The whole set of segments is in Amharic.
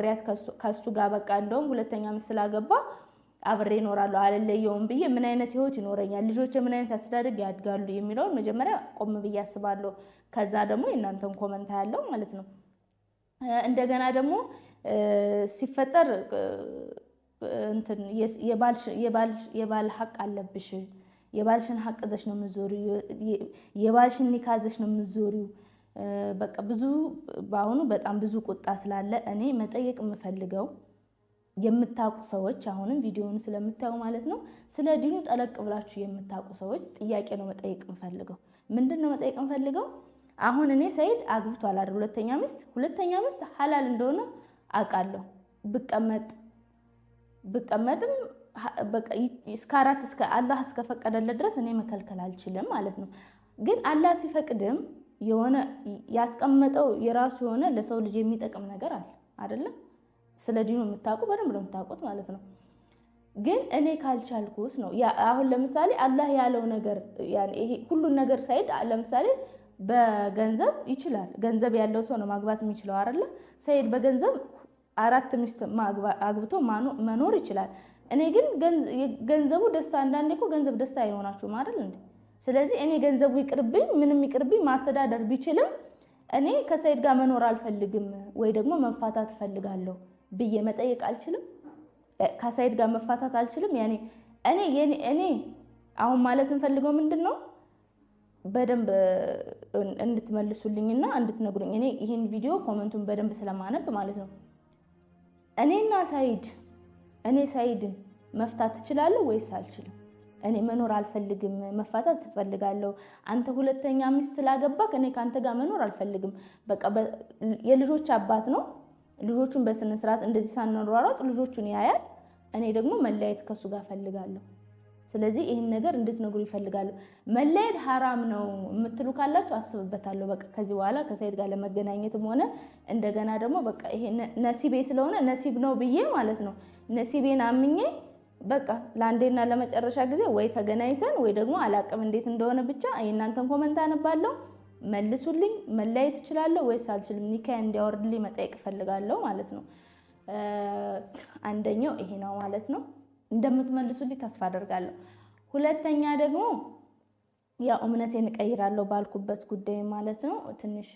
አብሬያት ከሱ ጋር በቃ እንደውም ሁለተኛ ምስል ስላገባ አብሬ ይኖራሉ አልለየውም ብዬ ምን አይነት ህይወት ይኖረኛል፣ ልጆች ምን አይነት አስተዳደግ ያድጋሉ የሚለውን መጀመሪያ ቆም ብዬ አስባለሁ። ከዛ ደግሞ የእናንተን ኮመንት ያለው ማለት ነው። እንደገና ደግሞ ሲፈጠር የባል ሀቅ አለብሽ፣ የባልሽን ሀቅ ዘሽ ነው የባልሽን ኒካ ዘሽ ነው የምዞሪው በቃ ብዙ በአሁኑ በጣም ብዙ ቁጣ ስላለ እኔ መጠየቅ የምፈልገው የምታውቁ ሰዎች አሁንም ቪዲዮውን ስለምታዩ ማለት ነው፣ ስለ ዲኑ ጠለቅ ብላችሁ የምታውቁ ሰዎች ጥያቄ ነው መጠየቅ የምፈልገው። ምንድን ነው መጠየቅ የምፈልገው? አሁን እኔ ሰይድ አግብቷል አይደል? ሁለተኛ ሚስት ሁለተኛ ሚስት ሀላል እንደሆነ አውቃለሁ። ብቀመጥ ብቀመጥም እስከ አራት እስከ አላህ እስከፈቀደለት ድረስ እኔ መከልከል አልችልም ማለት ነው። ግን አላህ ሲፈቅድም የሆነ ያስቀመጠው የራሱ የሆነ ለሰው ልጅ የሚጠቅም ነገር አለ አይደለም። ስለ ዲኑ የምታውቁ በደንብ ነው የምታውቁት ማለት ነው። ግን እኔ ካልቻልኩስ ነው አሁን ለምሳሌ አላህ ያለው ነገር ይሄ ሁሉን ነገር ሳይድ ለምሳሌ በገንዘብ ይችላል። ገንዘብ ያለው ሰው ነው ማግባት የሚችለው አይደለ? ሰይድ በገንዘብ አራት ሚስት አግብቶ መኖር ይችላል። እኔ ግን ገንዘቡ ደስታ አንዳንዴ እኮ ገንዘብ ደስታ አይሆናችሁም አይደል እንዴ? ስለዚህ እኔ ገንዘቡ ይቅርብኝ፣ ምንም ይቅርብኝ፣ ማስተዳደር ቢችልም እኔ ከሰይድ ጋር መኖር አልፈልግም ወይ ደግሞ መፋታት እፈልጋለሁ ብዬ መጠየቅ አልችልም። ከሰይድ ጋር መፋታት አልችልም። ያኔ እኔ እኔ አሁን ማለት እንፈልገው ምንድን ነው በደንብ እንድትመልሱልኝና እንድትነግሩኝ። እኔ ይህን ቪዲዮ ኮመንቱን በደንብ ስለማነብ ማለት ነው። እኔና ሳይድ እኔ ሳይድን መፍታት ትችላለሁ ወይስ አልችልም? እኔ መኖር አልፈልግም፣ መፋታት ትፈልጋለሁ። አንተ ሁለተኛ ሚስት ስላገባክ እኔ ከአንተ ጋር መኖር አልፈልግም። በቃ የልጆች አባት ነው። ልጆቹን በስነ ስርዓት እንደዚህ ሳናሯሯጥ ልጆቹን ያያል። እኔ ደግሞ መለያየት ከሱ ጋር ፈልጋለሁ። ስለዚህ ይህን ነገር እንድትነግሩ ይፈልጋለሁ። መለየት ሀራም ነው የምትሉ ካላችሁ አስብበታለሁ። በቃ ከዚህ በኋላ ከሰይድ ጋር ለመገናኘትም ሆነ እንደገና ደግሞ በቃ ይሄ ነሲቤ ስለሆነ ነሲብ ነው ብዬ ማለት ነው ነሲቤን አምኜ በቃ ለአንዴና ለመጨረሻ ጊዜ ወይ ተገናኝተን ወይ ደግሞ አላቅም እንዴት እንደሆነ ብቻ የእናንተን ኮመንት አነባለሁ፣ መልሱልኝ። መለያየት እችላለሁ ወይስ አልችልም? ኒካያ እንዲያወርድልኝ መጠየቅ እፈልጋለሁ ማለት ነው። አንደኛው ይሄ ነው ማለት ነው። እንደምትመልሱልኝ ተስፋ አደርጋለሁ። ሁለተኛ ደግሞ ያው እምነቴን እቀይራለሁ ባልኩበት ጉዳይ ማለት ነው። ትንሽ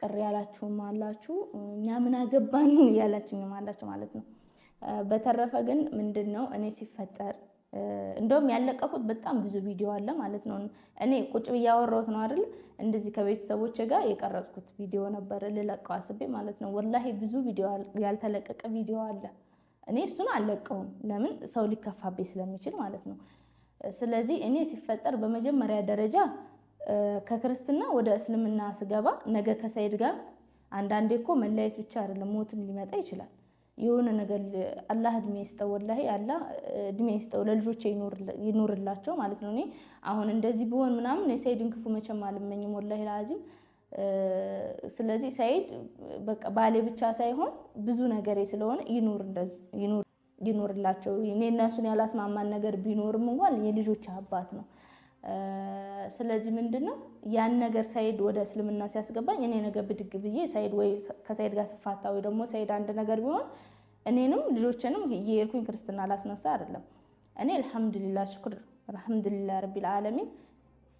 ቅር ያላችሁም አላችሁ፣ እኛ ምን አገባን ያላችሁም አላችሁ ማለት ነው። በተረፈ ግን ምንድን ነው እኔ ሲፈጠር እንደውም ያለቀኩት በጣም ብዙ ቪዲዮ አለ ማለት ነው። እኔ ቁጭ ብዬ ነው አይደል? እንደዚህ ከቤተሰቦች ጋር የቀረጽኩት ቪዲዮ ነበር ልለቀው አስቤ ማለት ነው። ወላሂ ብዙ ቪዲዮ ያልተለቀቀ ቪዲዮ አለ። እኔ እሱን አልለቀውም፣ ለምን ሰው ሊከፋብኝ ስለሚችል ማለት ነው። ስለዚህ እኔ ሲፈጠር በመጀመሪያ ደረጃ ከክርስትና ወደ እስልምና ስገባ ነገ ከሰይድ ጋር አንዳንዴ እኮ መለያየት ብቻ አይደለም ሞትም ሊመጣ ይችላል። የሆነ ነገር አላህ እድሜ ይስጠው፣ ወላሂ አላህ እድሜ ይስጠው፣ ለልጆች ይኖርላቸው ማለት ነው። እኔ አሁን እንደዚህ ብሆን ምናምን የሰይድን ክፉ መቼም አልመኝም፣ ወላሂ ለአዚም። ስለዚህ ሰይድ በቃ ባሌ ብቻ ሳይሆን ብዙ ነገሬ ስለሆነ ይኖርላቸው። እኔ እነሱን ያላስማማን ነገር ቢኖርም እንኳን የልጆች አባት ነው። ስለዚህ ምንድን ነው ያን ነገር ሳይድ ወደ እስልምና ሲያስገባኝ እኔ ነገ ብድግ ብዬ ሰይድ ወይ ከሰይድ ጋር ስፋታ ወይ ደግሞ ሰይድ አንድ ነገር ቢሆን እኔንም ልጆችንም የኤርኩኝ ክርስትና ላስነሳ አይደለም። እኔ አልሐምዱሊላ ሽኩር አልሐምዱሊላ ረቢል ዓለሚን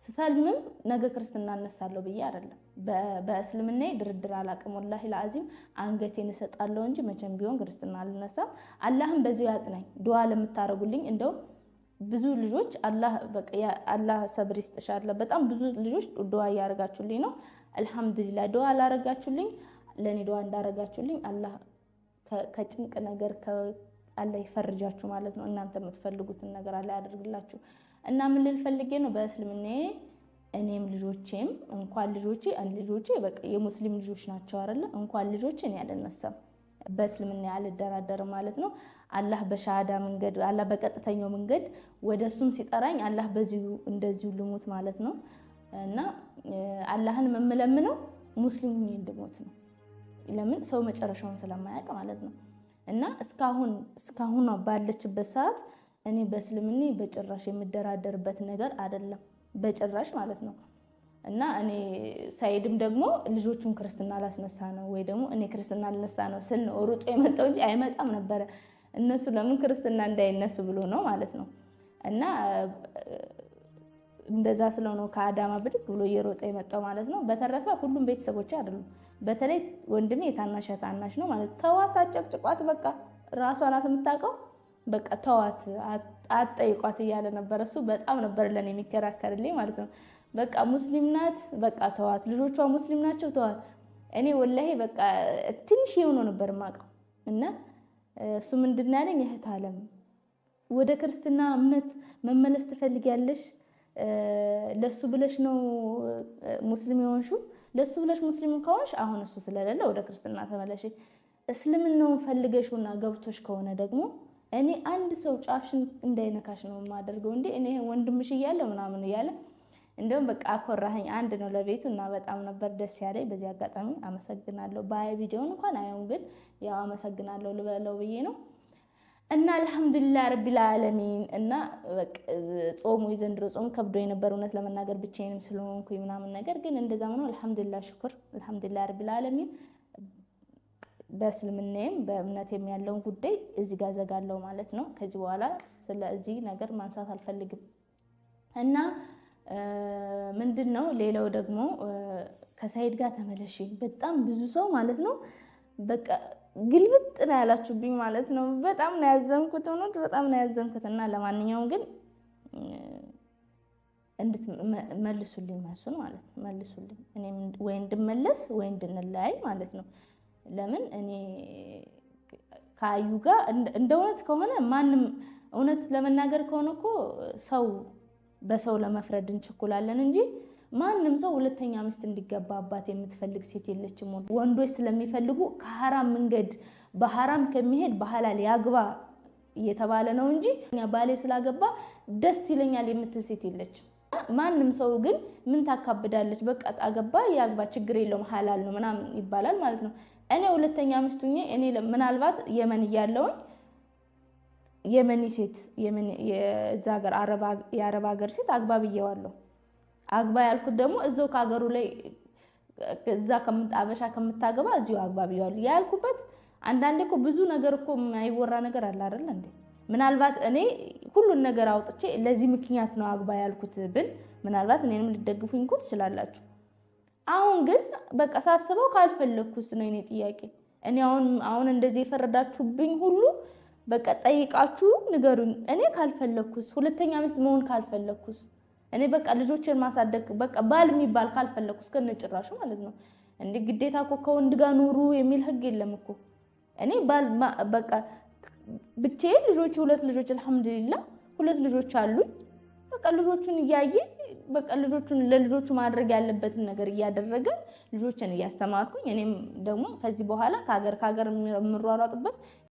ስሰልምም ነገ ክርስትና እነሳለሁ ብዬ አይደለም። በእስልምና ድርድር አላቅም። ወላሂ ለአዚም አንገቴን እሰጣለሁ እንጂ መቼም ቢሆን ክርስትና አልነሳም። አላህም በዚሁ ያጥናኝ። ድዋ ለምታደርጉልኝ እንደው ብዙ ልጆች አላህ ሰብር ይስጥሻል። በጣም ብዙ ልጆች ዱዓ እያደረጋችሁልኝ ነው። አልሐምዱሊላ ዱዓ ላረጋችሁልኝ ለእኔ ዱዓ እንዳረጋችሁልኝ አላህ ከጭንቅ ነገር አላህ ይፈርጃችሁ ማለት ነው። እናንተ የምትፈልጉትን ነገር አላህ ያደርግላችሁ እና ምን ልንፈልጌ ነው በእስልምና እኔም ልጆቼም እንኳን ልጆቼ ልጆቼ የሙስሊም ልጆች ናቸው አይደለ? እንኳን ልጆቼ እኔ አልነሳም በእስልምና አልደራደርም ማለት ነው። አላህ በሻሃዳ መንገድ አላህ በቀጥተኛው መንገድ ወደ እሱም ሲጠራኝ አላህ በዚሁ እንደዚሁ ልሙት ማለት ነው እና አላህን የምለምነው ሙስሊም ሆኜ እንድሞት ነው። ለምን ሰው መጨረሻውን ስለማያውቅ ማለት ነው። እና እስካሁን እስካሁን ባለችበት ሰዓት እኔ በእስልምኔ በጭራሽ የምደራደርበት ነገር አይደለም፣ በጭራሽ ማለት ነው። እና እኔ ሳይድም ደግሞ ልጆቹን ክርስትና ላስነሳ ነው ወይ ደግሞ እኔ ክርስትና ልነሳ ነው ስል ነው ሩጦ የመጣው እንጂ አይመጣም ነበረ። እነሱ ለምን ክርስትና እንዳይነሱ ብሎ ነው ማለት ነው። እና እንደዛ ስለሆነ ከአዳማ ብድግ ብሎ እየሮጠ የመጣው ማለት ነው። በተረፈ ሁሉም ቤተሰቦች አይደሉም። በተለይ ወንድሜ የታናሽ ታናሽ ነው ማለት ተዋት፣ አጨቅጭቋት፣ በቃ ራሷ ናት የምታውቀው፣ በቃ ተዋት፣ አትጠይቋት እያለ ነበረ። እሱ በጣም ነበር ለኔ የሚከራከርልኝ ማለት ነው። በቃ ሙስሊም ናት፣ በቃ ተዋት፣ ልጆቿ ሙስሊም ናቸው፣ ተዋት። እኔ ወላሄ በቃ ትንሽ የሆነው ነበር ማቀው እና እሱ ምንድን ያለኝ እህት አለም ወደ ክርስትና እምነት መመለስ ትፈልጊያለሽ? ለሱ ብለሽ ነው ሙስሊም የሆንሽው። ለሱ ብለሽ ሙስሊም ከሆንሽ አሁን እሱ ስለሌለ ወደ ክርስትና ተመለሽ። እስልምናውን ፈልገሽውና ገብቶሽ ከሆነ ደግሞ እኔ አንድ ሰው ጫፍሽን እንዳይነካሽ ነው የማደርገው እንዴ እኔ ወንድምሽ እያለ ምናምን እያለ እንደውም በቃ አኮራኸኝ። አንድ ነው ለቤቱ እና በጣም ነበር ደስ ያለኝ። በዚህ አጋጣሚ አመሰግናለሁ። በአይ ቪዲዮን እንኳን አየውም፣ ግን ያው አመሰግናለሁ ልበለው ብዬ ነው እና አልሐምዱሊላ ረቢል እና ጾሙ የዘንድሮ ጾም ከብዶ የነበር እውነት ለመናገር ብቻዬንም ስለሆንኩኝ ምናምን ነገር ግን እንደዛ ምነው አልሐምዱሊላህ ሽኩር አልሐምዱሊላህ ረቢል ዓለሚን በእምነት የሚያለውን ጉዳይ እዚህ ጋር ዘጋለው ማለት ነው። ከዚህ በኋላ ስለዚህ ነገር ማንሳት አልፈልግም እና ምንድን ነው ሌላው ደግሞ ከሳይድ ጋር ተመለሽ። በጣም ብዙ ሰው ማለት ነው በቃ ግልብጥ ነው ያላችሁብኝ ማለት ነው። በጣም ነው ያዘንኩት፣ እውነት በጣም ነው ያዘንኩት። እና ለማንኛውም ግን እንድትመልሱልኝ መሱን ማለት ነው መልሱልኝ፣ እኔ ወይ እንድመለስ ወይ እንድንለያይ ማለት ነው። ለምን እኔ ከአዩ ጋር እንደ እውነት ከሆነ ማንም እውነት ለመናገር ከሆነ እኮ ሰው በሰው ለመፍረድ እንችኩላለን እንጂ ማንም ሰው ሁለተኛ ሚስት እንዲገባ አባት የምትፈልግ ሴት የለችም። ወንዶች ስለሚፈልጉ ከሀራም መንገድ በሀራም ከሚሄድ በሀላል ያግባ እየተባለ ነው እንጂ ባሌ ስላገባ ደስ ይለኛል የምትል ሴት የለችም። ማንም ሰው ግን ምን ታካብዳለች፣ በቃ አገባ ያግባ ችግር የለውም ሀላል ነው ምናምን ይባላል ማለት ነው። እኔ ሁለተኛ ሚስቱኜ እኔ ምናልባት የመን እያለውኝ የመኒ ሴት የዛ ሀገር የአረብ ሀገር ሴት አግባ ብየዋለሁ። አግባ ያልኩት ደግሞ እዛው ከሀገሩ ላይ እዛ አበሻ ከምታገባ እዚሁ አግባ ብዬዋለሁ ያልኩበት። አንዳንዴ እኮ ብዙ ነገር እኮ የማይወራ ነገር አለ እንዴ? ምናልባት እኔ ሁሉን ነገር አውጥቼ ለዚህ ምክንያት ነው አግባ ያልኩት ብን ምናልባት እኔንም ልደግፉኝ እኮ ትችላላችሁ። አሁን ግን በቃ ሳስበው ካልፈለግኩስ ነው የኔ ጥያቄ። እኔ አሁን አሁን እንደዚህ የፈረዳችሁብኝ ሁሉ በቃ ጠይቃችሁ ንገሩኝ። እኔ ካልፈለግኩስ ሁለተኛ ሚስት መሆን ካልፈለግኩስ እኔ በቃ ልጆችን ማሳደግ በቃ ባል የሚባል ካልፈለግኩስ ከነጭራሹ ማለት ነው። እንደ ግዴታ እኮ ከወንድ ጋር ኑሩ የሚል ህግ የለም እኮ። እኔ ባል በቃ ብቻዬን ልጆች ሁለት ልጆች አልሐምዱሊላ ሁለት ልጆች አሉኝ። በቃ ልጆቹን እያየ በቃ ልጆቹን ለልጆቹ ማድረግ ያለበትን ነገር እያደረገ ልጆችን እያስተማርኩኝ እኔም ደግሞ ከዚህ በኋላ ከሀገር ከሀገር የምሯሯጥበት